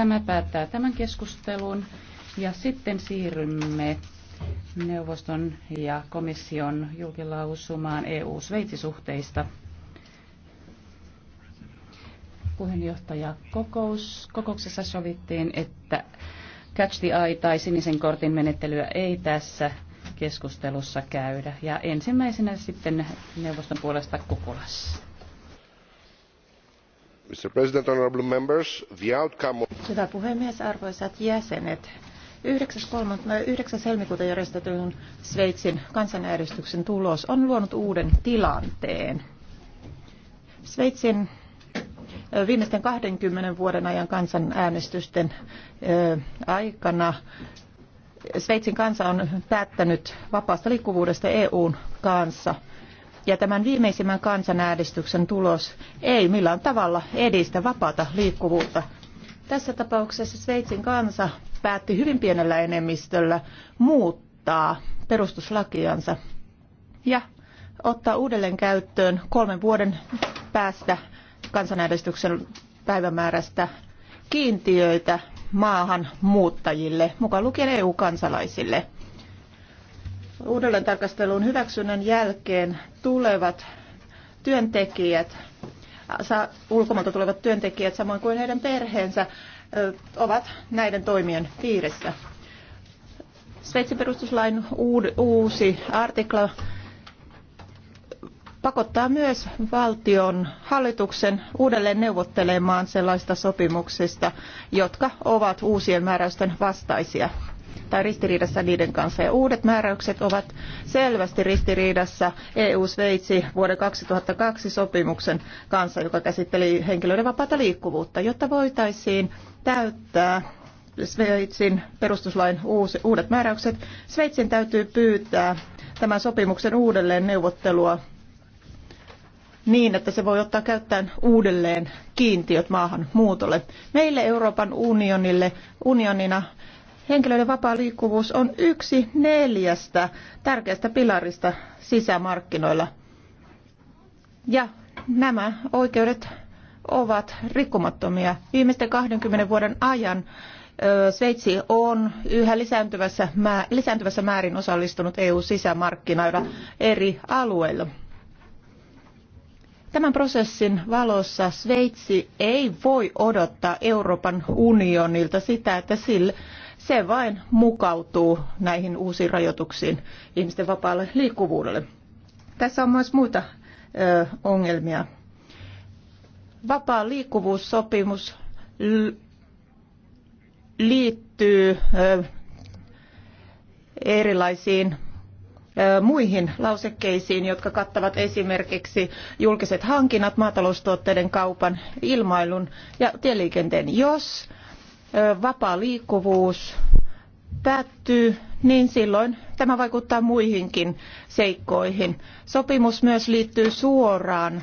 Tämä päättää tämän keskustelun ja sitten siirrymme neuvoston ja komission julkilausumaan EU-Sveitsisuhteista. kokous. Kokouksessa sovittiin, että catch the eye tai sinisen kortin menettelyä ei tässä keskustelussa käydä. Ja ensimmäisenä sitten neuvoston puolesta Kukulassa. Mr. President, honorable members, the outcome Hyvä puhemies, arvoisat jäsenet. 9. No, helmikuuta järjestetyn Sveitsin kansanäänestyksen tulos on luonut uuden tilanteen. Sveitsin viimeisten kaksikymmentä vuoden ajan kansanäänestysten aikana Sveitsin kansa on päättänyt vapaasta liikkuvuudesta EUn kanssa – ja tämän viimeisimmän kansanäänestyksen tulos ei millään tavalla edistä vapaata liikkuvuutta. Tässä tapauksessa Sveitsin kansa päätti hyvin pienellä enemmistöllä muuttaa perustuslakiansa ja ottaa uudelleen käyttöön kolmen vuoden päästä kansanäänestyksen päivämäärästä kiintiöitä maahan muuttajille, mukaan lukien EU-kansalaisille uudelleen tarkastelun hyväksynnän jälkeen tulevat työntekijät, ulkomailta tulevat työntekijät samoin kuin heidän perheensä ovat näiden toimien piirissä. Sveitsin perustuslain uusi artikla pakottaa myös valtion hallituksen uudelleen neuvottelemaan sellaista sopimuksista, jotka ovat uusien määräysten vastaisia tai ristiriidassa niiden kanssa. Ja uudet määräykset ovat selvästi ristiriidassa EU-Sveitsi vuoden 2002 sopimuksen kanssa, joka käsitteli henkilöiden vapaata liikkuvuutta, jotta voitaisiin täyttää Sveitsin perustuslain uudet määräykset. Sveitsin täytyy pyytää tämän sopimuksen uudelleen neuvottelua niin, että se voi ottaa käyttöön uudelleen kiintiöt maahan muutolle. Meille Euroopan unionille, unionina Henkilöiden vapaa liikkuvuus on yksi neljästä tärkeästä pilarista sisämarkkinoilla. Ja nämä oikeudet ovat rikkomattomia. Viimeisten 20 vuoden ajan Sveitsi on yhä lisääntyvässä, lisääntyvässä määrin osallistunut EU-sisämarkkinoilla eri alueilla. Tämän prosessin valossa Sveitsi ei voi odottaa Euroopan unionilta sitä, että sille se vain mukautuu näihin uusiin rajoituksiin ihmisten vapaalle liikkuvuudelle. Tässä on myös muita ö, ongelmia. Vapaa liikkuvuussopimus liittyy ö, erilaisiin muihin lausekkeisiin, jotka kattavat esimerkiksi julkiset hankinnat, maataloustuotteiden kaupan, ilmailun ja tieliikenteen. Jos vapaa liikkuvuus päättyy, niin silloin tämä vaikuttaa muihinkin seikkoihin. Sopimus myös liittyy suoraan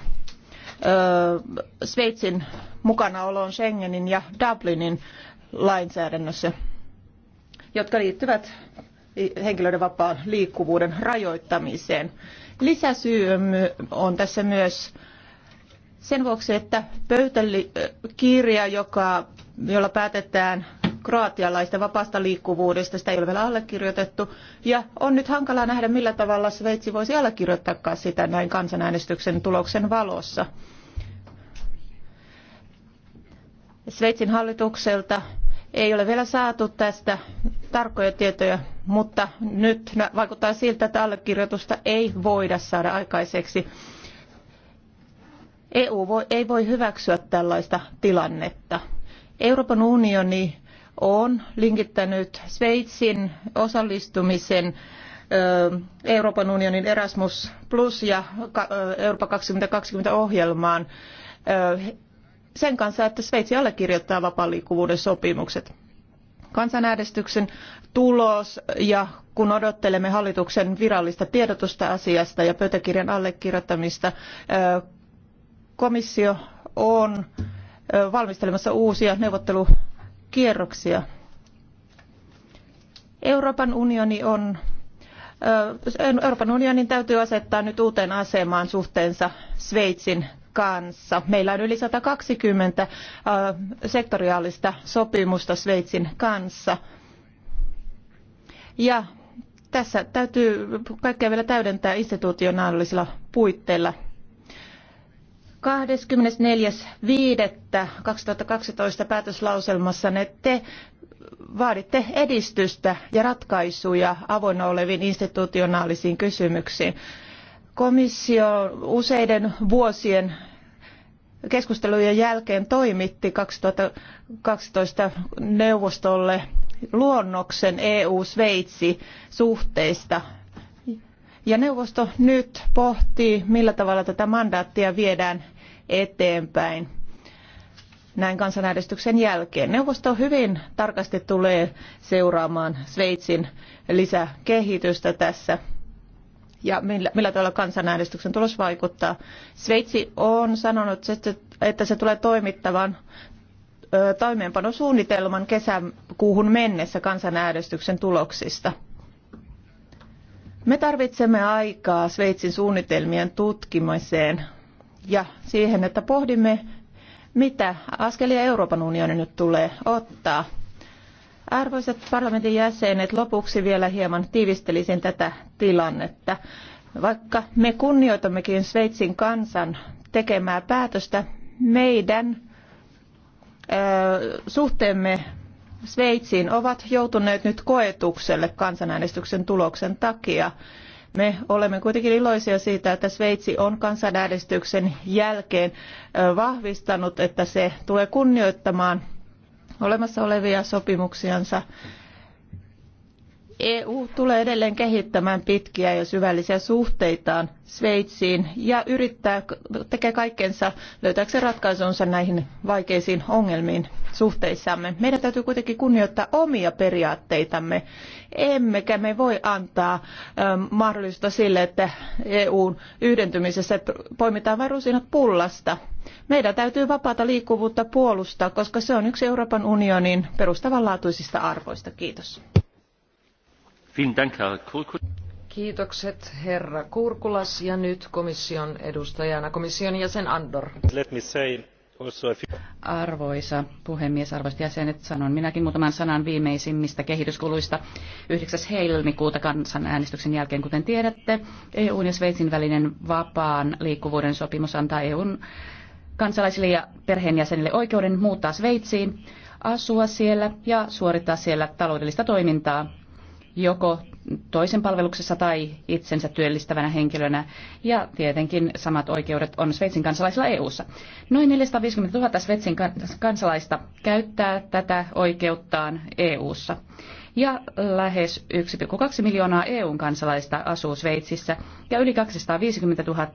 Sveitsin mukanaoloon Schengenin ja Dublinin lainsäädännössä, jotka liittyvät henkilöiden vapaan liikkuvuuden rajoittamiseen. Lisäsyy on tässä myös sen vuoksi, että pöytäkirja, joka, jolla päätetään kroatialaisten vapaasta liikkuvuudesta, sitä ei ole vielä allekirjoitettu. Ja on nyt hankala nähdä, millä tavalla Sveitsi voisi allekirjoittaa sitä näin kansanäänestyksen tuloksen valossa. Sveitsin hallitukselta ei ole vielä saatu tästä tarkkoja tietoja, mutta nyt vaikuttaa siltä, että allekirjoitusta ei voida saada aikaiseksi. EU voi, ei voi hyväksyä tällaista tilannetta. Euroopan unioni on linkittänyt Sveitsin osallistumisen Euroopan unionin Erasmus Plus ja Euroopan 2020 ohjelmaan sen kanssa, että Sveitsi allekirjoittaa vapaaliikkuvuuden sopimukset. Kansanäänestyksen tulos ja kun odottelemme hallituksen virallista tiedotusta asiasta ja pöytäkirjan allekirjoittamista komissio on valmistelemassa uusia neuvottelukierroksia. Euroopan unioni on Euroopan unionin täytyy asettaa nyt uuteen asemaan suhteensa Sveitsin kanssa. Meillä on yli 120 sektoriaalista sopimusta Sveitsin kanssa. Ja tässä täytyy kaikkea vielä täydentää institutionaalisilla puitteilla – 24.5.2012 päätöslauselmassanne te vaaditte edistystä ja ratkaisuja avoinna oleviin institutionaalisiin kysymyksiin. Komissio useiden vuosien keskustelujen jälkeen toimitti 2012 neuvostolle luonnoksen EU-Sveitsi suhteista ja neuvosto nyt pohtii, millä tavalla tätä mandaattia viedään eteenpäin näin kansanäänestyksen jälkeen. Neuvosto hyvin tarkasti tulee seuraamaan Sveitsin lisäkehitystä tässä ja millä, millä tavalla kansanäänestyksen tulos vaikuttaa. Sveitsi on sanonut, että se tulee toimittavan toimeenpanosuunnitelman kesäkuuhun mennessä kansanäänestyksen tuloksista. Me tarvitsemme aikaa Sveitsin suunnitelmien tutkimiseen ja siihen, että pohdimme, mitä askelia Euroopan unioni nyt tulee ottaa. Arvoisat parlamentin jäsenet, lopuksi vielä hieman tiivistelisin tätä tilannetta. Vaikka me kunnioitammekin Sveitsin kansan tekemää päätöstä, meidän suhteemme Sveitsiin ovat joutuneet nyt koetukselle kansanäänestyksen tuloksen takia. Me olemme kuitenkin iloisia siitä, että Sveitsi on kansanäänestyksen jälkeen vahvistanut, että se tulee kunnioittamaan olemassa olevia sopimuksiansa EU tulee edelleen kehittämään pitkiä ja syvällisiä suhteitaan Sveitsiin ja yrittää, tekee kaikkensa löytääkseen ratkaisunsa näihin vaikeisiin ongelmiin suhteissamme. Meidän täytyy kuitenkin kunnioittaa omia periaatteitamme, emmekä me voi antaa ähm, mahdollisuutta sille, että EUn yhdentymisessä poimitaan vain rusinat pullasta. Meidän täytyy vapaata liikkuvuutta puolustaa, koska se on yksi Euroopan unionin perustavanlaatuisista arvoista. Kiitos. Kiitokset herra Kurkulas ja nyt komission edustajana komission jäsen Andor. Arvoisa puhemies, arvoisat jäsenet, sanon minäkin muutaman sanan viimeisimmistä kehityskuluista 9. helmikuuta kansanäänestyksen jälkeen. Kuten tiedätte, EUn ja Sveitsin välinen vapaan liikkuvuuden sopimus antaa EUn kansalaisille ja perheenjäsenille oikeuden muuttaa Sveitsiin, asua siellä ja suorittaa siellä taloudellista toimintaa joko toisen palveluksessa tai itsensä työllistävänä henkilönä. Ja tietenkin samat oikeudet on Sveitsin kansalaisilla EU:ssa. Noin 450 000 Sveitsin kansalaista käyttää tätä oikeuttaan EU:ssa. Ja lähes 1,2 miljoonaa EUn kansalaista asuu Sveitsissä ja yli 250 000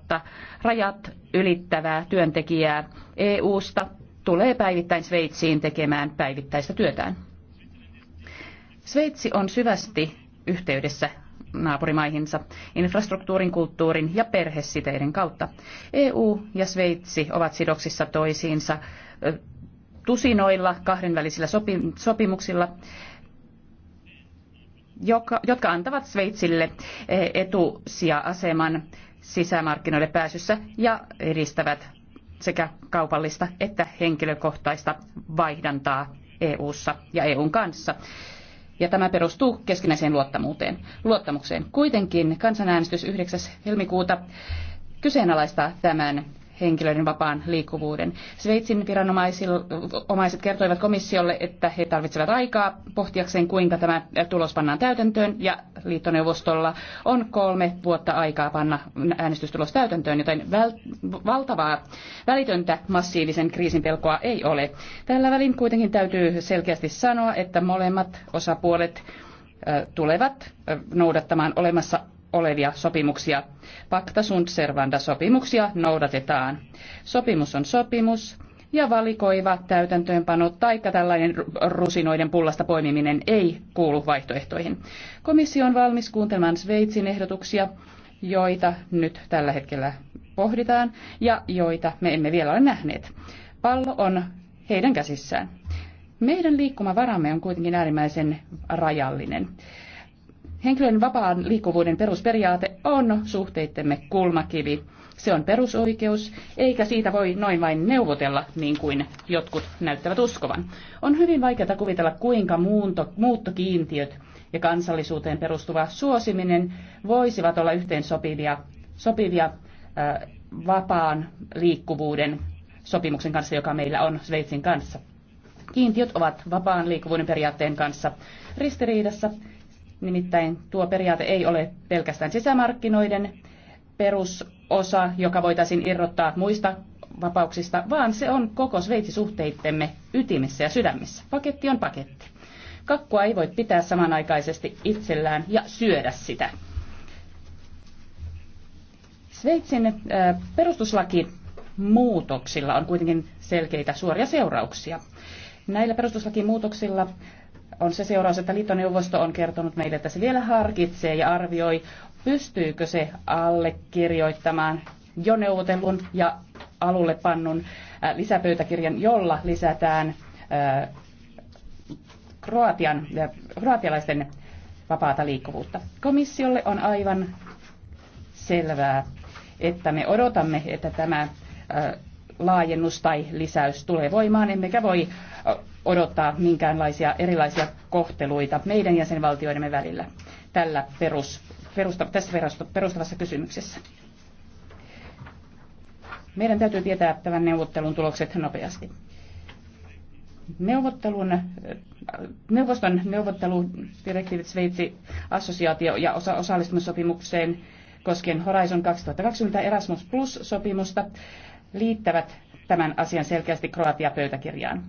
rajat ylittävää työntekijää EUsta tulee päivittäin Sveitsiin tekemään päivittäistä työtään. Sveitsi on syvästi yhteydessä naapurimaihinsa infrastruktuurin, kulttuurin ja perhesiteiden kautta. EU ja Sveitsi ovat sidoksissa toisiinsa tusinoilla kahdenvälisillä sopimuksilla, jotka antavat Sveitsille e, etusija-aseman sisämarkkinoille pääsyssä ja edistävät sekä kaupallista että henkilökohtaista vaihdantaa EU:ssa ja EUn kanssa ja tämä perustuu keskinäiseen luottamuuteen, luottamukseen. Kuitenkin kansanäänestys 9. helmikuuta kyseenalaistaa tämän henkilöiden vapaan liikkuvuuden. Sveitsin viranomaiset kertoivat komissiolle, että he tarvitsevat aikaa pohtiakseen, kuinka tämä tulos pannaan täytäntöön, ja liittoneuvostolla on kolme vuotta aikaa panna äänestystulos täytäntöön, joten valtavaa välitöntä massiivisen kriisin pelkoa ei ole. Tällä välin kuitenkin täytyy selkeästi sanoa, että molemmat osapuolet tulevat noudattamaan olemassa olevia sopimuksia. Pacta sunt servanda sopimuksia noudatetaan. Sopimus on sopimus ja valikoiva täytäntöönpano tai tällainen rusinoiden pullasta poimiminen ei kuulu vaihtoehtoihin. Komissio on valmis kuuntelemaan Sveitsin ehdotuksia, joita nyt tällä hetkellä pohditaan ja joita me emme vielä ole nähneet. Pallo on heidän käsissään. Meidän liikkumavaramme on kuitenkin äärimmäisen rajallinen. Henkilön vapaan liikkuvuuden perusperiaate on suhteittemme kulmakivi. Se on perusoikeus, eikä siitä voi noin vain neuvotella, niin kuin jotkut näyttävät uskovan. On hyvin vaikeaa kuvitella, kuinka muunto, muuttokiintiöt ja kansallisuuteen perustuva suosiminen voisivat olla yhteen sopivia, sopivia äh, vapaan liikkuvuuden sopimuksen kanssa, joka meillä on Sveitsin kanssa. Kiintiöt ovat vapaan liikkuvuuden periaatteen kanssa ristiriidassa Nimittäin tuo periaate ei ole pelkästään sisämarkkinoiden perusosa, joka voitaisiin irrottaa muista vapauksista, vaan se on koko Sveitsisuhteittemme ytimessä ja sydämessä. Paketti on paketti. Kakkua ei voi pitää samanaikaisesti itsellään ja syödä sitä. Sveitsin perustuslaki muutoksilla on kuitenkin selkeitä suoria seurauksia. Näillä perustuslakimuutoksilla on se seuraus, että liittoneuvosto on kertonut meille, että se vielä harkitsee ja arvioi, pystyykö se allekirjoittamaan jo neuvotellun ja alulle pannun äh, lisäpöytäkirjan, jolla lisätään äh, Kroatian, äh, kroatialaisten vapaata liikkuvuutta. Komissiolle on aivan selvää, että me odotamme, että tämä laajennus tai lisäys tulee voimaan, emmekä voi odottaa minkäänlaisia erilaisia kohteluita meidän jäsenvaltioidemme välillä tällä perus, perusta, tässä perustavassa kysymyksessä. Meidän täytyy tietää tämän neuvottelun tulokset nopeasti. Neuvottelun, neuvoston neuvotteludirektiivit Sveitsi assosiaatio- ja osa- osallistumissopimukseen koskien Horizon 2020 Erasmus Plus-sopimusta liittävät tämän asian selkeästi Kroatia-pöytäkirjaan.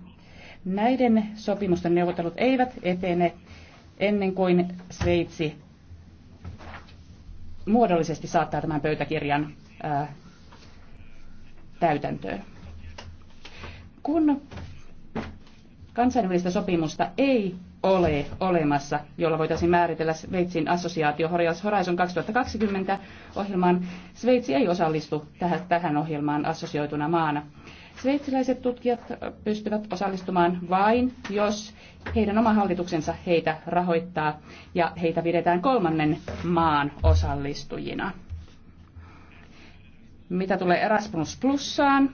Näiden sopimusten neuvottelut eivät etene ennen kuin Sveitsi muodollisesti saattaa tämän pöytäkirjan ää, täytäntöön. Kun kansainvälistä sopimusta ei ole olemassa, jolla voitaisiin määritellä Sveitsin assosiaatio Horizon 2020 ohjelmaan. Sveitsi ei osallistu tähän ohjelmaan assosioituna maana. Sveitsiläiset tutkijat pystyvät osallistumaan vain, jos heidän oma hallituksensa heitä rahoittaa ja heitä pidetään kolmannen maan osallistujina. Mitä tulee Erasmus Plussaan?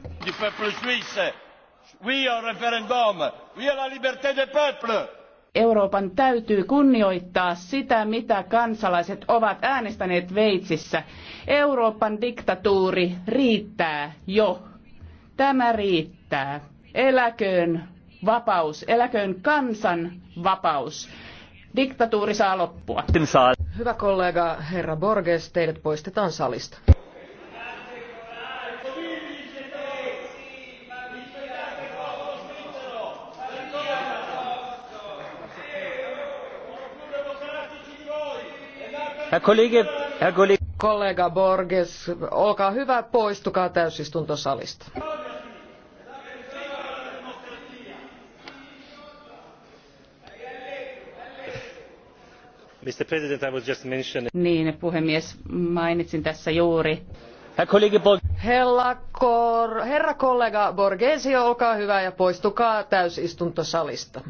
Euroopan täytyy kunnioittaa sitä, mitä kansalaiset ovat äänestäneet Veitsissä. Euroopan diktatuuri riittää jo. Tämä riittää. Eläköön vapaus, eläköön kansan vapaus. Diktatuuri saa loppua. Hyvä kollega, herra Borges, teidät poistetaan salista. Herr Kollege, Herr Kollege. Kollega Borges, olkaa hyvä, poistukaa täysistuntosalista. Niin, puhemies, mainitsin tässä juuri. Herra kollega Borgesio, olkaa hyvä ja poistukaa täysistuntosalista.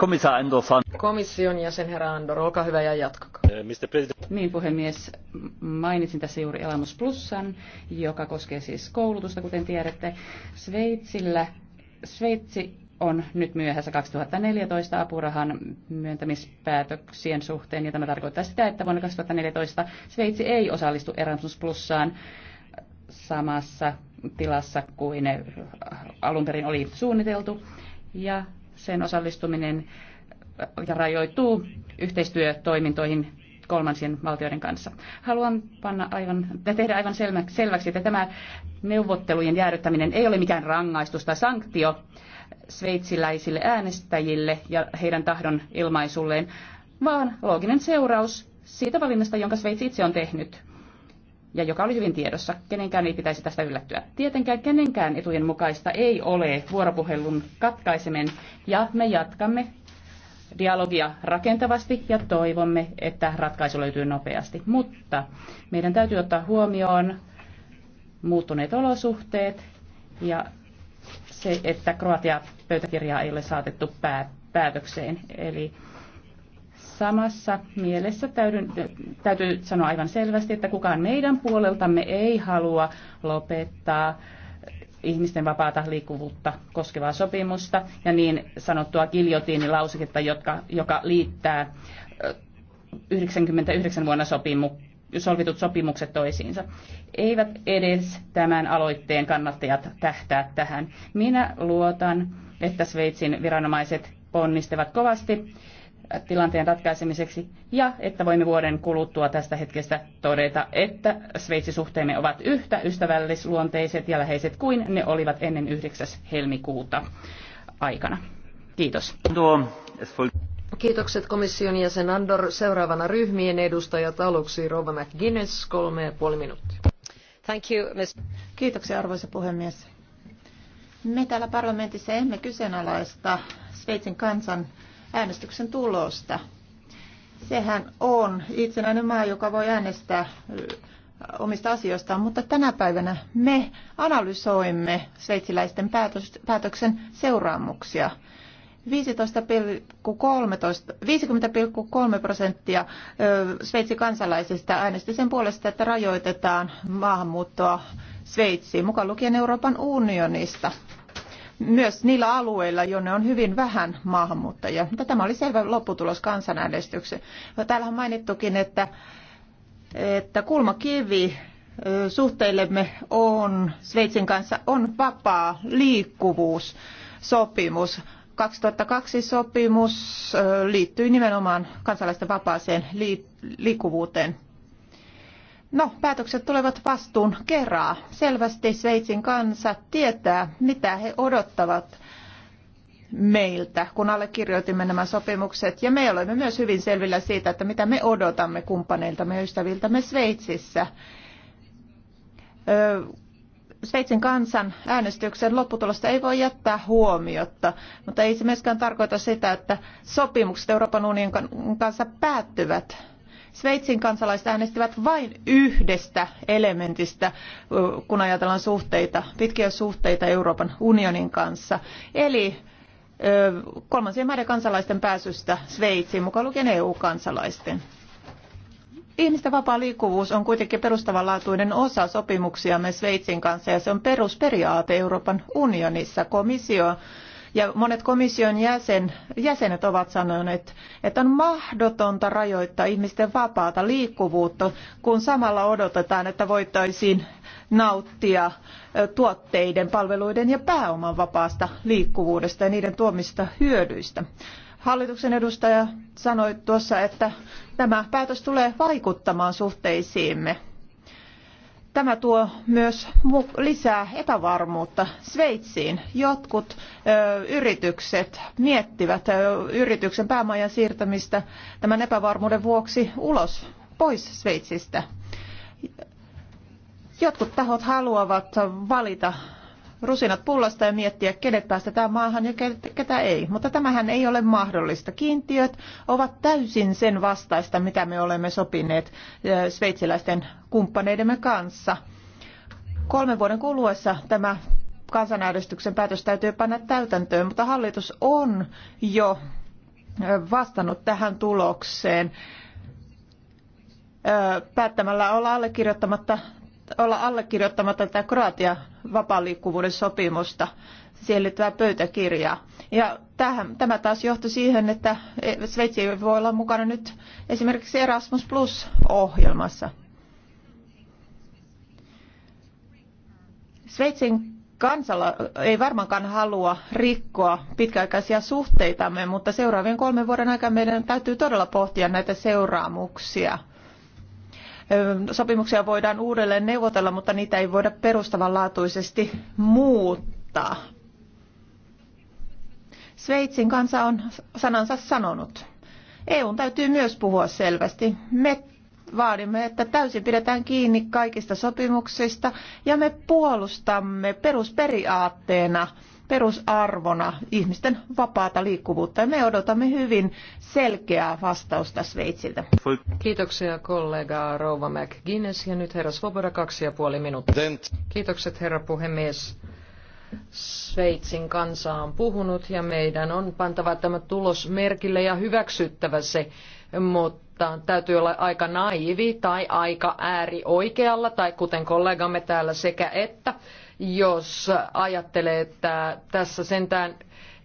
Komissaar Andor. Komission jäsen herra Andor, olkaa hyvä ja jatkakaa. Eh, niin puhemies, mainitsin tässä juuri Elamus Plussan, joka koskee siis koulutusta, kuten tiedätte. Sveitsillä, Sveitsi on nyt myöhässä 2014 apurahan myöntämispäätöksien suhteen, ja tämä tarkoittaa sitä, että vuonna 2014 Sveitsi ei osallistu Erasmus Plussaan samassa tilassa kuin alun perin oli suunniteltu. Ja sen osallistuminen äh, ja rajoittuu yhteistyötoimintoihin kolmansien valtioiden kanssa. Haluan panna aivan, tehdä aivan selväksi, että tämä neuvottelujen jäädyttäminen ei ole mikään rangaistus tai sanktio sveitsiläisille äänestäjille ja heidän tahdon ilmaisulleen, vaan looginen seuraus siitä valinnasta, jonka Sveitsi itse on tehnyt ja joka oli hyvin tiedossa. Kenenkään ei pitäisi tästä yllättyä. Tietenkään kenenkään etujen mukaista ei ole vuoropuhelun katkaiseminen ja me jatkamme dialogia rakentavasti ja toivomme, että ratkaisu löytyy nopeasti. Mutta meidän täytyy ottaa huomioon muuttuneet olosuhteet ja se, että Kroatia pöytäkirjaa ei ole saatettu päätökseen. Eli samassa mielessä täydyn, täytyy sanoa aivan selvästi, että kukaan meidän puoleltamme ei halua lopettaa ihmisten vapaata liikkuvuutta koskevaa sopimusta ja niin sanottua giljotiinilauseketta, jotka, joka liittää 99 vuonna sopimu, solvitut sopimukset toisiinsa. Eivät edes tämän aloitteen kannattajat tähtää tähän. Minä luotan, että Sveitsin viranomaiset ponnistevat kovasti tilanteen ratkaisemiseksi ja että voimme vuoden kuluttua tästä hetkestä todeta, että Sveitsi-suhteemme ovat yhtä ystävällisluonteiset ja läheiset kuin ne olivat ennen 9. helmikuuta aikana. Kiitos. Kiitokset komission jäsen Andor. Seuraavana ryhmien edustaja aluksi Rova McGuinness, kolme ja puoli minuuttia. Thank you, Ms. Kiitoksia arvoisa puhemies. Me täällä parlamentissa emme kyseenalaista Sveitsin kansan äänestyksen tulosta. Sehän on itsenäinen maa, joka voi äänestää omista asioistaan, mutta tänä päivänä me analysoimme sveitsiläisten päätöksen seuraamuksia. 50,3 prosenttia Sveitsin kansalaisista äänesti sen puolesta, että rajoitetaan maahanmuuttoa Sveitsiin, mukaan lukien Euroopan unionista myös niillä alueilla, jonne on hyvin vähän maahanmuuttajia. Mutta tämä oli selvä lopputulos kansanäänestyksen. No, täällä on mainittukin, että, että kulmakivi suhteillemme on Sveitsin kanssa on vapaa liikkuvuus sopimus. 2002 sopimus liittyy nimenomaan kansalaisten vapaaseen liikkuvuuteen. No, päätökset tulevat vastuun kerää. Selvästi Sveitsin kansa tietää, mitä he odottavat meiltä, kun allekirjoitimme nämä sopimukset. Ja me olemme myös hyvin selvillä siitä, että mitä me odotamme kumppaneiltamme ja ystäviltämme Sveitsissä. Sveitsin kansan äänestyksen lopputulosta ei voi jättää huomiotta, mutta ei se myöskään tarkoita sitä, että sopimukset Euroopan unionin kanssa päättyvät Sveitsin kansalaiset äänestivät vain yhdestä elementistä, kun ajatellaan suhteita, pitkiä suhteita Euroopan unionin kanssa. Eli kolmansien maiden kansalaisten pääsystä Sveitsiin, mukaan lukien EU-kansalaisten. Ihmisten vapaa liikkuvuus on kuitenkin perustavanlaatuinen osa sopimuksiamme Sveitsin kanssa ja se on perusperiaate Euroopan unionissa. Komissio ja monet komission jäsen, jäsenet ovat sanoneet, että on mahdotonta rajoittaa ihmisten vapaata liikkuvuutta, kun samalla odotetaan, että voitaisiin nauttia tuotteiden, palveluiden ja pääoman vapaasta liikkuvuudesta ja niiden tuomista hyödyistä hallituksen edustaja sanoi tuossa, että tämä päätös tulee vaikuttamaan suhteisiimme. Tämä tuo myös lisää epävarmuutta Sveitsiin. Jotkut yritykset miettivät yrityksen päämajan siirtämistä tämän epävarmuuden vuoksi ulos pois Sveitsistä. Jotkut tahot haluavat valita rusinat pullasta ja miettiä, kenet päästetään maahan ja ketä ei. Mutta tämähän ei ole mahdollista. Kiintiöt ovat täysin sen vastaista, mitä me olemme sopineet sveitsiläisten kumppaneidemme kanssa. Kolmen vuoden kuluessa tämä kansanäänestyksen päätös täytyy panna täytäntöön, mutta hallitus on jo vastannut tähän tulokseen päättämällä olla allekirjoittamatta olla allekirjoittamatta tätä Kroatia vapaan liikkuvuuden sopimusta siihen liittyvää pöytäkirjaa. Ja tähän, tämä taas johtui siihen, että Sveitsi ei voi olla mukana nyt esimerkiksi Erasmus Plus-ohjelmassa. Sveitsin kansalla ei varmaankaan halua rikkoa pitkäaikaisia suhteitamme, mutta seuraavien kolmen vuoden aikana meidän täytyy todella pohtia näitä seuraamuksia – Sopimuksia voidaan uudelleen neuvotella, mutta niitä ei voida perustavanlaatuisesti muuttaa. Sveitsin kansa on sanansa sanonut. EUn täytyy myös puhua selvästi. Me vaadimme, että täysin pidetään kiinni kaikista sopimuksista ja me puolustamme perusperiaatteena – perusarvona ihmisten vapaata liikkuvuutta. Ja me odotamme hyvin selkeää vastausta Sveitsiltä. Kiitoksia kollega Rouva McGuinness ja nyt herra Svoboda kaksi ja puoli minuuttia. Kiitokset herra puhemies. Sveitsin kansa on puhunut ja meidän on pantava tämä tulos merkille ja hyväksyttävä se, mutta täytyy olla aika naivi tai aika äärioikealla tai kuten kollegamme täällä sekä että jos ajattelee, että tässä sentään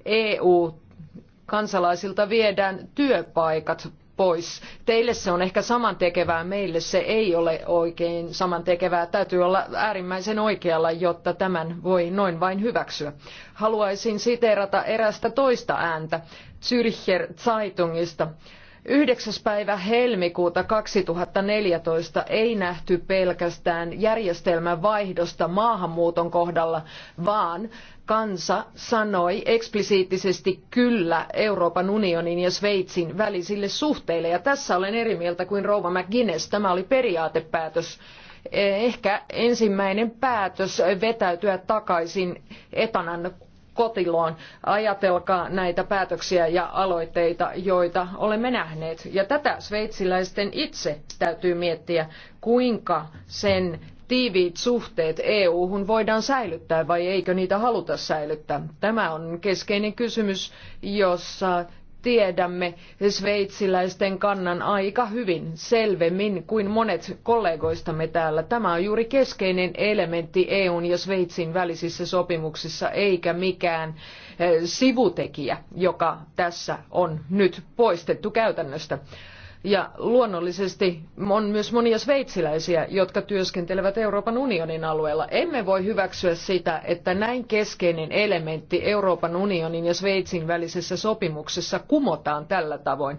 EU-kansalaisilta viedään työpaikat pois. Teille se on ehkä samantekevää, meille se ei ole oikein samantekevää. Täytyy olla äärimmäisen oikealla, jotta tämän voi noin vain hyväksyä. Haluaisin siteerata erästä toista ääntä Zürcher Zeitungista. 9. päivä helmikuuta 2014 ei nähty pelkästään järjestelmän vaihdosta maahanmuuton kohdalla, vaan kansa sanoi eksplisiittisesti kyllä Euroopan unionin ja Sveitsin välisille suhteille. Ja tässä olen eri mieltä kuin Rouva McGuinness. Tämä oli periaatepäätös eh, ehkä ensimmäinen päätös vetäytyä takaisin etanan kotiloon. Ajatelkaa näitä päätöksiä ja aloitteita, joita olemme nähneet. Ja tätä sveitsiläisten itse täytyy miettiä, kuinka sen tiiviit suhteet EU-hun voidaan säilyttää vai eikö niitä haluta säilyttää? Tämä on keskeinen kysymys, jossa tiedämme sveitsiläisten kannan aika hyvin, selvemmin kuin monet kollegoistamme täällä. Tämä on juuri keskeinen elementti EUn ja Sveitsin välisissä sopimuksissa, eikä mikään eh, sivutekijä, joka tässä on nyt poistettu käytännöstä. Ja luonnollisesti on myös monia sveitsiläisiä, jotka työskentelevät Euroopan unionin alueella. Emme voi hyväksyä sitä, että näin keskeinen elementti Euroopan unionin ja Sveitsin välisessä sopimuksessa kumotaan tällä tavoin.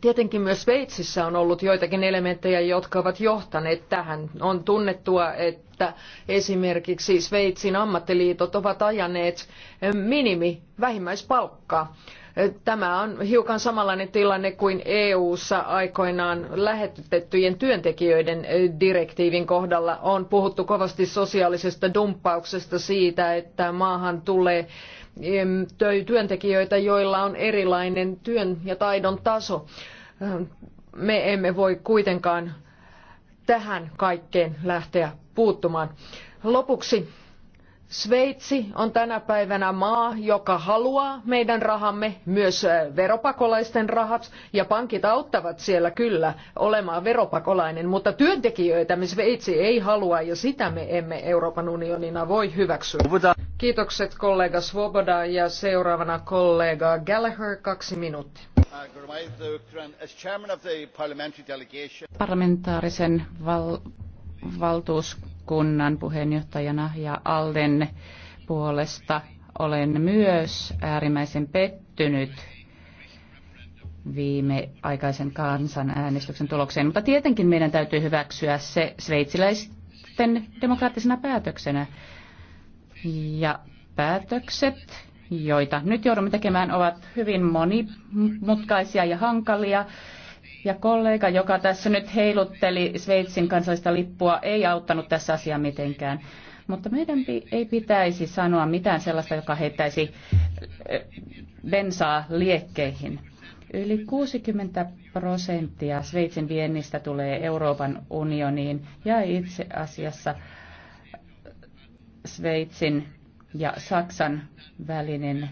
Tietenkin myös Sveitsissä on ollut joitakin elementtejä, jotka ovat johtaneet tähän. On tunnettua, että esimerkiksi Sveitsin ammattiliitot ovat ajaneet eh, minimi vähimmäispalkkaa. Eh, tämä on hiukan samanlainen tilanne kuin EU-ssa aikoinaan lähetettyjen työntekijöiden eh, direktiivin kohdalla. On puhuttu kovasti sosiaalisesta dumppauksesta siitä, että maahan tulee työntekijöitä, joilla on erilainen työn ja taidon taso. Ähm, me emme voi kuitenkaan tähän kaikkeen lähteä puuttumaan. Lopuksi Sveitsi on tänä päivänä maa, joka haluaa meidän rahamme, myös äh, veropakolaisten rahat, ja pankit auttavat siellä kyllä olemaan veropakolainen, mutta työntekijöitä me Sveitsi ei halua, ja sitä me emme Euroopan unionina voi hyväksyä. Kiitokset kollega Svoboda ja seuraavana kollega Gallagher, kaksi minuuttia. Parlamentaarisen val- valtuuskunnan puheenjohtajana ja Alden puolesta olen myös äärimmäisen pettynyt viime aikaisen kansanäänestyksen tulokseen, mutta tietenkin meidän täytyy hyväksyä se sveitsiläisten demokraattisena päätöksenä. Ja päätökset, joita nyt joudumme tekemään, ovat hyvin monimutkaisia ja hankalia. Ja kollega, joka tässä nyt heilutteli Sveitsin kansallista lippua, ei auttanut tässä asiaa mitenkään. Mutta meidän ei pitäisi sanoa mitään sellaista, joka heittäisi bensaa liekkeihin. Yli 60 prosenttia Sveitsin viennistä tulee Euroopan unioniin ja itse asiassa Sveitsin ja Saksan välinen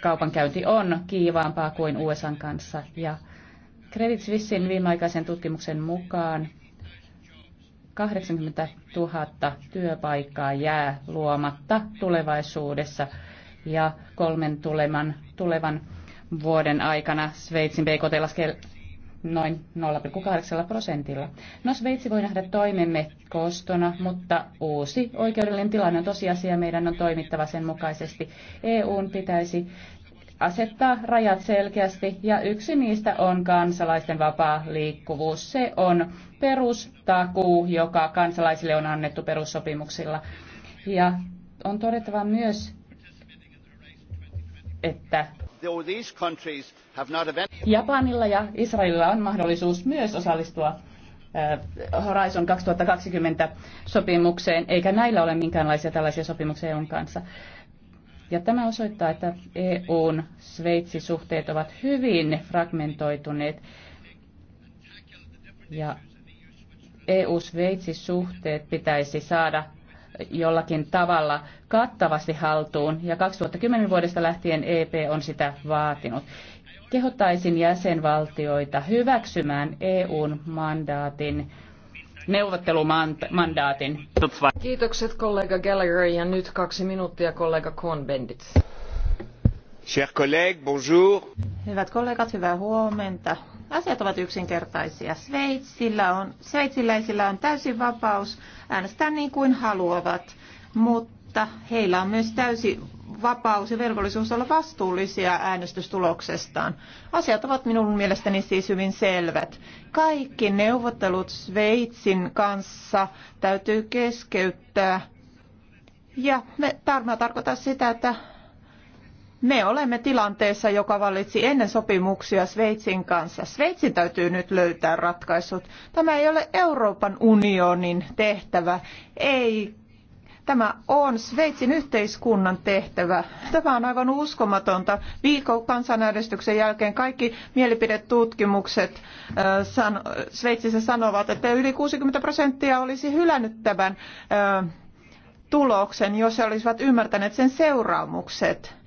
kaupankäynti on kiivaampaa kuin USA kanssa. Ja Credit Suissein viimeaikaisen tutkimuksen mukaan 80 000 työpaikkaa jää luomatta tulevaisuudessa ja kolmen tuleman, tulevan vuoden aikana Sveitsin BKT laskee noin 0,8 prosentilla. No Sveitsi voi nähdä toimemme kostona, mutta uusi oikeudellinen tilanne on tosiasia meidän on toimittava sen mukaisesti. EUn pitäisi asettaa rajat selkeästi ja yksi niistä on kansalaisten vapaa liikkuvuus. Se on perustakuu, joka kansalaisille on annettu perussopimuksilla. Ja on todettava myös, että Japanilla ja Israelilla on mahdollisuus myös osallistua Horizon 2020 sopimukseen, eikä näillä ole minkäänlaisia tällaisia sopimuksia EUn kanssa. Ja tämä osoittaa, että EUn Sveitsi-suhteet ovat hyvin fragmentoituneet. Ja EU-Sveitsi-suhteet pitäisi saada jollakin tavalla kattavasti haltuun ja 2010 vuodesta lähtien EP on sitä vaatinut. Kehottaisin jäsenvaltioita hyväksymään EUn mandaatin neuvottelumandaatin. Kiitokset kollega Gallagher ja nyt kaksi minuuttia kollega Cohn-Bendit. Hyvät kollegat, hyvää huomenta. Asiat ovat yksinkertaisia. Sveitsillä on, sveitsiläisillä on täysin vapaus äänestää niin kuin haluavat, mutta heillä on myös täysi vapaus ja velvollisuus olla vastuullisia äänestystuloksestaan. Asiat ovat minun mielestäni siis hyvin selvät. Kaikki neuvottelut Sveitsin kanssa täytyy keskeyttää. Ja me, tämä tarkoittaa sitä, että me olemme tilanteessa, joka valitsi ennen sopimuksia Sveitsin kanssa. Sveitsin täytyy nyt löytää ratkaisut. Tämä ei ole Euroopan unionin tehtävä, ei Tämä on Sveitsin yhteiskunnan tehtävä. Tämä on aivan uskomatonta. Viikon kansanäänestyksen jälkeen kaikki mielipidetutkimukset Sveitsissä sanovat, että yli 60 prosenttia olisi hylännyt tämän tuloksen, jos he olisivat ymmärtäneet sen seuraamukset.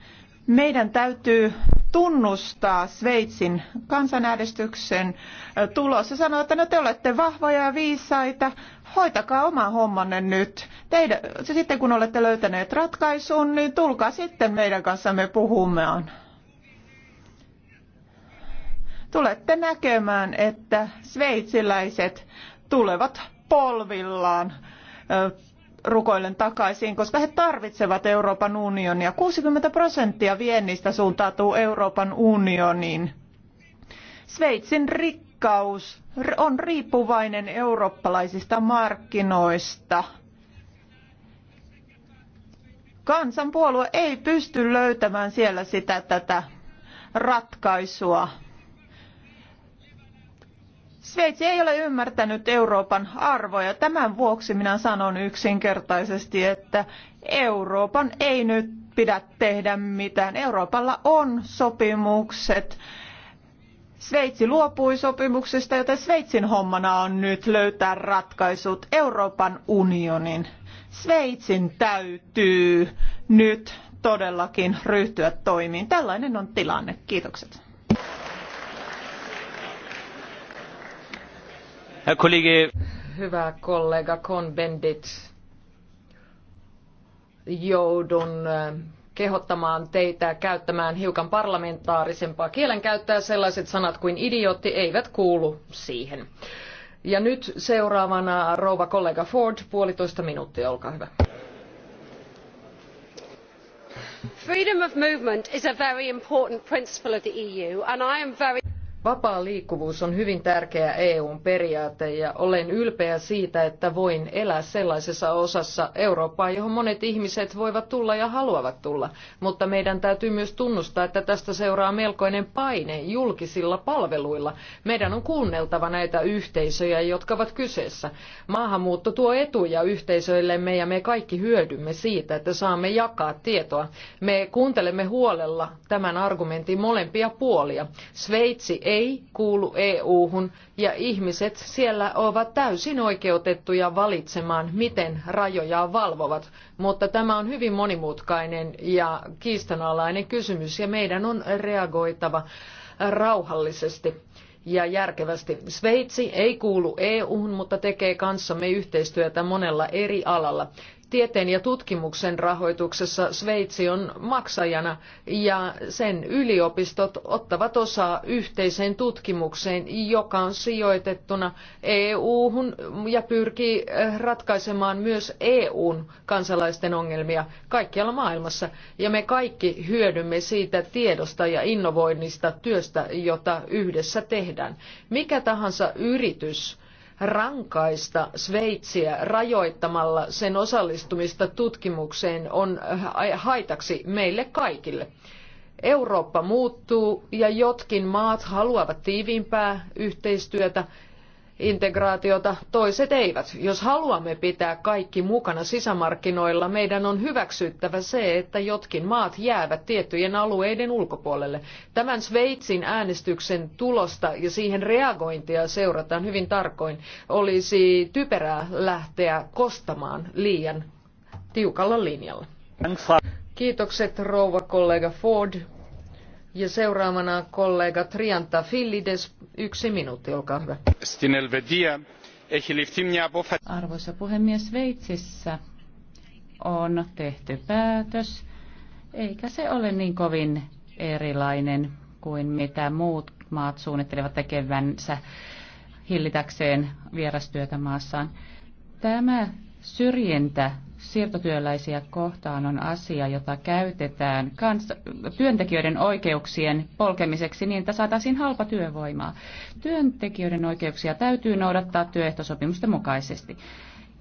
Meidän täytyy tunnustaa Sveitsin kansanäänestyksen tulos ja sanoa, että no te olette vahvoja ja viisaita, hoitakaa oma hommanne nyt. Teidän, sitten kun olette löytäneet ratkaisun, niin tulkaa sitten meidän kanssamme puhumaan. Tulette näkemään, että sveitsiläiset tulevat polvillaan rukoillen takaisin, koska he tarvitsevat Euroopan unionia. 60 prosenttia viennistä suuntautuu Euroopan unioniin. Sveitsin rikkaus on riippuvainen eurooppalaisista markkinoista. Kansanpuolue ei pysty löytämään siellä sitä tätä ratkaisua. Sveitsi ei ole ymmärtänyt Euroopan arvoja. Tämän vuoksi minä sanon yksinkertaisesti, että Euroopan ei nyt pidä tehdä mitään. Euroopalla on sopimukset. Sveitsi luopui sopimuksesta, joten Sveitsin hommana on nyt löytää ratkaisut Euroopan unionin. Sveitsin täytyy nyt todellakin ryhtyä toimiin. Tällainen on tilanne. Kiitokset. Herr Kollege. Hyvä kollega cohn bendit joudun äh, kehottamaan teitä käyttämään hiukan parlamentaarisempaa kielenkäyttöä. Sellaiset sanat kuin idiotti eivät kuulu siihen. Ja nyt seuraavana rouva kollega Ford, puolitoista minuuttia, olkaa hyvä. Freedom of movement is a very important principle of the EU and I am very Vapaa liikkuvuus on hyvin tärkeä EUn periaate ja olen ylpeä siitä, että voin elää sellaisessa osassa Eurooppaa, johon monet ihmiset voivat tulla ja haluavat tulla. Mutta meidän täytyy myös tunnustaa, että tästä seuraa melkoinen paine julkisilla palveluilla. Meidän on kuunneltava näitä yhteisöjä, jotka ovat kyseessä. Maahanmuutto tuo etuja yhteisöillemme ja me kaikki hyödymme siitä, että saamme jakaa tietoa. Me kuuntelemme huolella tämän argumentin molempia puolia. Sveitsi ei kuulu EU-hun ja ihmiset siellä ovat täysin oikeutettuja valitsemaan, miten rajojaan valvovat. Mutta tämä on hyvin monimutkainen ja kiistanalainen kysymys ja meidän on reagoitava rauhallisesti ja järkevästi. Sveitsi ei kuulu EU-hun, mutta tekee kanssamme yhteistyötä monella eri alalla. Tieteen ja tutkimuksen rahoituksessa Sveitsi on maksajana ja sen yliopistot ottavat osaa yhteiseen tutkimukseen, joka on sijoitettuna EU-hun ja pyrkii eh, ratkaisemaan myös EUn kansalaisten ongelmia kaikkialla maailmassa. Ja me kaikki hyödymme siitä tiedosta ja innovoinnista työstä, jota yhdessä tehdään. Mikä tahansa yritys rankaista Sveitsiä rajoittamalla sen osallistumista tutkimukseen on äh, haitaksi meille kaikille. Eurooppa muuttuu ja jotkin maat haluavat tiiviimpää yhteistyötä integraatiota, toiset eivät. Jos haluamme pitää kaikki mukana sisämarkkinoilla, meidän on hyväksyttävä se, että jotkin maat jäävät tiettyjen alueiden ulkopuolelle. Tämän Sveitsin äänestyksen tulosta ja siihen reagointia seurataan hyvin tarkoin. Olisi typerää lähteä kostamaan liian tiukalla linjalla. Kiitokset rouva kollega Ford. Ja seuraavana kollega Trianta Fillides, yksi minuutti, olkaa hyvä. Arvoisa puhemies, Sveitsissä on tehty päätös, eikä se ole niin kovin erilainen kuin mitä muut maat suunnittelevat tekevänsä hillitäkseen vierastyötä maassaan. Tämä syrjintä siirtotyöläisiä kohtaan on asia, jota käytetään kans- työntekijöiden oikeuksien polkemiseksi niin, että saataisiin halpa työvoimaa. Työntekijöiden oikeuksia täytyy noudattaa työehtosopimusten mukaisesti.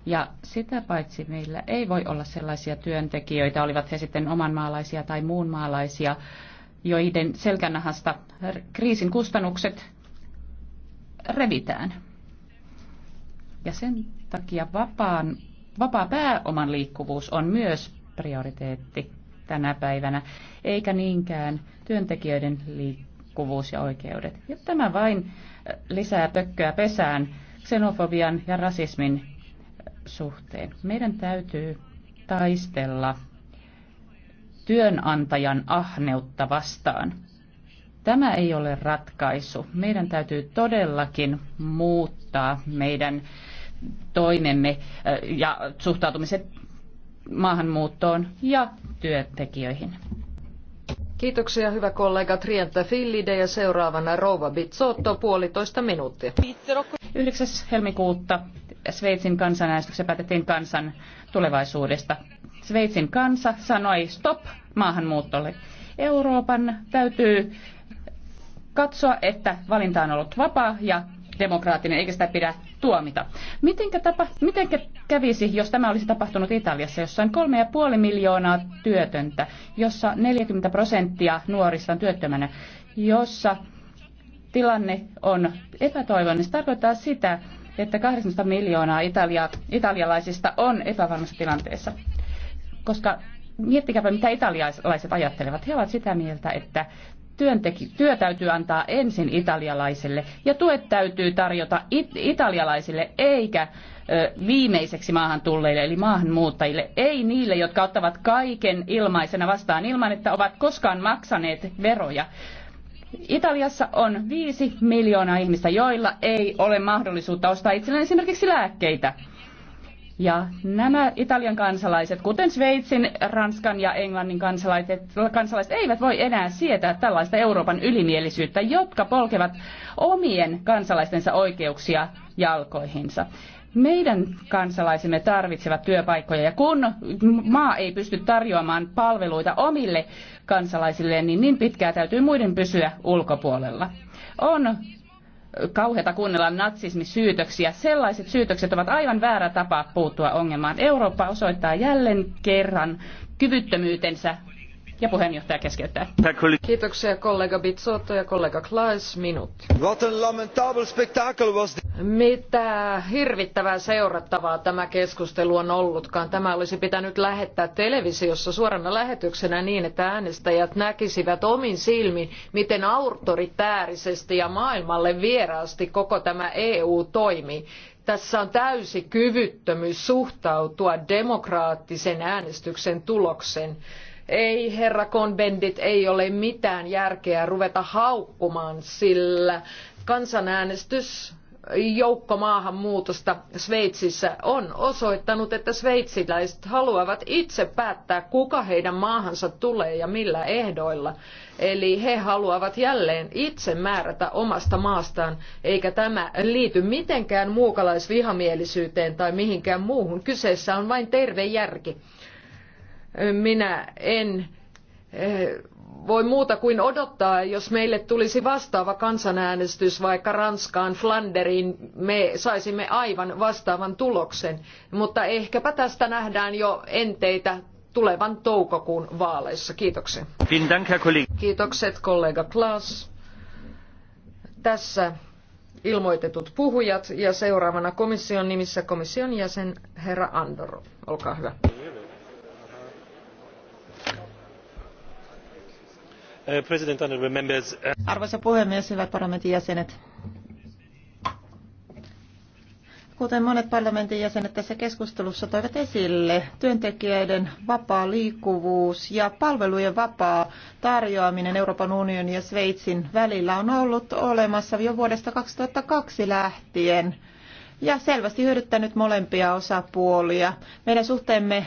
Ja sitä paitsi meillä ei voi olla sellaisia työntekijöitä, olivat he sitten omanmaalaisia tai muunmaalaisia, joiden selkänahasta kriisin kustannukset revitään. Ja sen takia vapaan Vapaa pääoman liikkuvuus on myös prioriteetti tänä päivänä, eikä niinkään työntekijöiden liikkuvuus ja oikeudet. Ja tämä vain lisää tökköä pesään xenofobian ja rasismin suhteen. Meidän täytyy taistella työnantajan ahneutta vastaan. Tämä ei ole ratkaisu. Meidän täytyy todellakin muuttaa meidän toimemme ja suhtautumiset maahanmuuttoon ja työntekijöihin. Kiitoksia hyvä kollega Trienta Fillide ja seuraavana Rouva Bitsotto puolitoista minuuttia. 9. helmikuuta Sveitsin kansanäänestyksessä päätettiin kansan tulevaisuudesta. Sveitsin kansa sanoi stop maahanmuuttolle. Euroopan täytyy katsoa, että valinta on ollut vapaa ja demokraattinen, eikä sitä pidä tuomita. Mitenkä, tapa, mitenkä kävisi, jos tämä olisi tapahtunut Italiassa, jossa on 3,5 miljoonaa työtöntä, jossa 40 prosenttia nuorista on työttömänä, jossa tilanne on epätoivoinen. Se tarkoittaa sitä, että 800 miljoonaa Italia, italialaisista on epävarmassa tilanteessa. Koska miettikääpä, mitä italialaiset ajattelevat. He ovat sitä mieltä, että Työnteki, työ täytyy antaa ensin italialaisille ja tuet täytyy tarjota it, italialaisille eikä viimeiseksi maahan tulleille eli maahanmuuttajille, ei niille, jotka ottavat kaiken ilmaisena vastaan ilman, että ovat koskaan maksaneet veroja. Italiassa on viisi miljoonaa ihmistä, joilla ei ole mahdollisuutta ostaa itselleen esimerkiksi lääkkeitä ja nämä Italian kansalaiset, kuten Sveitsin, Ranskan ja Englannin kansalaiset, kansalaiset eivät voi enää sietää tällaista Euroopan ylimielisyyttä, jotka polkevat omien kansalaistensa oikeuksia jalkoihinsa. Meidän kansalaisemme tarvitsevat työpaikkoja ja kun maa ei pysty tarjoamaan palveluita omille kansalaisille, niin niin pitkään täytyy muiden pysyä ulkopuolella. On kauheita kuunnella natsismisyytöksiä. Sellaiset syytökset ovat aivan väärä tapa puuttua ongelmaan. Eurooppa osoittaa jälleen kerran kyvyttömyytensä ja puheenjohtaja keskeyttää. Kiitoksia kollega Bitsotto ja kollega Klaes, minuutti. What a lamentable spectacle was Mitä hirvittävää seurattavaa tämä keskustelu on ollutkaan. Tämä olisi pitänyt lähettää televisiossa suorana lähetyksenä niin, että äänestäjät näkisivät omin silmin, miten autoritäärisesti ja maailmalle vieraasti koko tämä EU toimii. Tässä on täysi kyvyttömyys suhtautua demokraattisen äänestyksen tulokseen. Ei herra konbendit, ei ole mitään järkeä ruveta haukkumaan, sillä kansanäänestys joukko maahanmuutosta Sveitsissä on osoittanut, että sveitsiläiset haluavat itse päättää, kuka heidän maahansa tulee ja millä ehdoilla. Eli he haluavat jälleen itse määrätä omasta maastaan, eikä tämä liity mitenkään muukalaisvihamielisyyteen tai mihinkään muuhun. Kyseessä on vain terve järki. Minä en eh, voi muuta kuin odottaa, jos meille tulisi vastaava kansanäänestys vaikka Ranskaan, Flanderiin, me saisimme aivan vastaavan tuloksen. Mutta ehkäpä tästä nähdään jo enteitä tulevan toukokuun vaaleissa. Kiitoksia. Kiitokset kollega Klaas. Tässä ilmoitetut puhujat ja seuraavana komission nimissä komission jäsen herra Andor. Olkaa hyvä. Uh, uh, Arvoisa puhemies, hyvät parlamentin jäsenet. Kuten monet parlamentin jäsenet tässä keskustelussa toivat esille, työntekijöiden vapaa liikkuvuus ja palvelujen vapaa tarjoaminen Euroopan unionin ja Sveitsin välillä on ollut olemassa jo vuodesta 2002 lähtien ja selvästi hyödyttänyt molempia osapuolia. Meidän suhteemme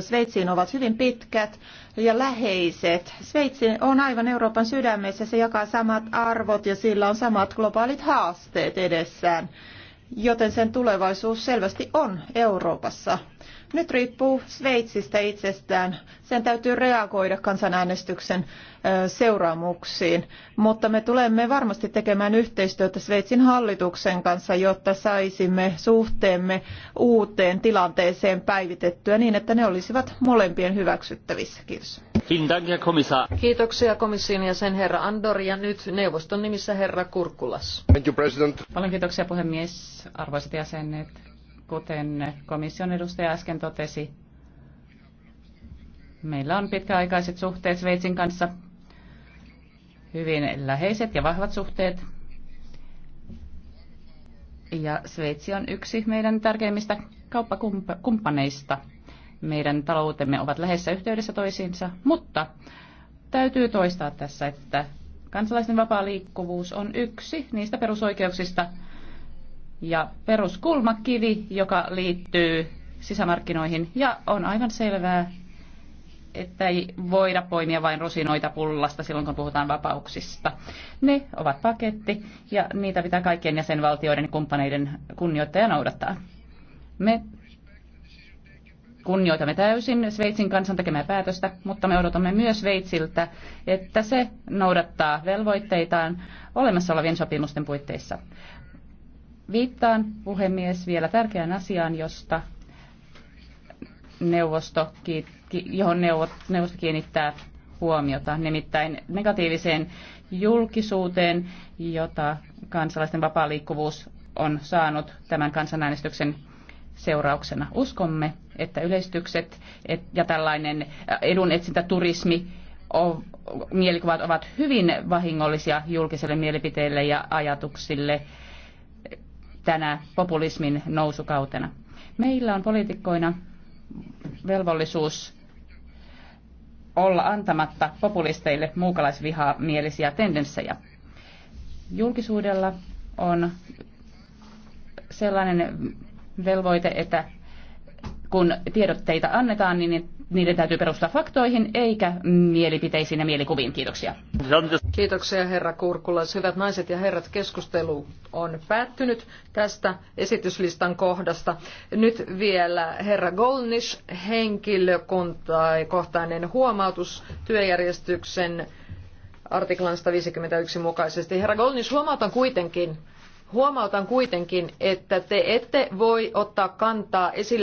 Sveitsiin ovat hyvin pitkät ja läheiset. Sveitsi on aivan Euroopan sydämessä, se jakaa samat arvot ja sillä on samat globaalit haasteet edessään, joten sen tulevaisuus selvästi on Euroopassa. Nyt riippuu Sveitsistä itsestään. Sen täytyy reagoida kansanäänestyksen seuraamuksiin, mutta me tulemme varmasti tekemään yhteistyötä Sveitsin hallituksen kanssa, jotta saisimme suhteemme uuteen tilanteeseen päivitettyä niin, että ne olisivat molempien hyväksyttävissä. Kiitos. Kiitoksia komission jäsen herra Andor ja nyt neuvoston nimissä herra Kurkulas. Thank you, President. Paljon kiitoksia puhemies, arvoisat jäsenet kuten komission edustaja äsken totesi, meillä on pitkäaikaiset suhteet Sveitsin kanssa, hyvin läheiset ja vahvat suhteet. Ja Sveitsi on yksi meidän tärkeimmistä kauppakumppaneista. Meidän taloutemme ovat lähessä yhteydessä toisiinsa, mutta täytyy toistaa tässä, että kansalaisten vapaa liikkuvuus on yksi niistä perusoikeuksista, ja peruskulmakivi, joka liittyy sisämarkkinoihin. Ja on aivan selvää, että ei voida poimia vain rusinoita pullasta silloin, kun puhutaan vapauksista. Ne ovat paketti ja niitä pitää kaikkien jäsenvaltioiden kumppaneiden kunnioittaa ja noudattaa. Me kunnioitamme täysin Sveitsin kansan tekemää päätöstä, mutta me odotamme myös Sveitsiltä, että se noudattaa velvoitteitaan olemassa olevien sopimusten puitteissa. Viittaan, puhemies, vielä tärkeään asiaan, josta neuvosto, johon neuvosto kiinnittää huomiota, nimittäin negatiiviseen julkisuuteen, jota kansalaisten vapaa liikkuvuus on saanut tämän kansanäänestyksen seurauksena. Uskomme, että yleistykset ja tällainen äh, edunetsintäturismi mielikuvat ovat hyvin vahingollisia julkiselle mielipiteelle ja ajatuksille tänä populismin nousukautena. Meillä on poliitikkoina velvollisuus olla antamatta populisteille muukalaisvihamielisiä tendenssejä. Julkisuudella on sellainen velvoite, että kun tiedotteita annetaan, niin niiden täytyy perustaa faktoihin eikä mielipiteisiin ja mielikuviin. Kiitoksia. Kiitoksia herra Kurkulas. Hyvät naiset ja herrat, keskustelu on päättynyt tästä esityslistan kohdasta. Nyt vielä herra Golnish, henkilökohtainen huomautus työjärjestyksen artiklan 151 mukaisesti. Herra Golnish, huomautan kuitenkin, huomautan kuitenkin, että te ette voi ottaa kantaa esillä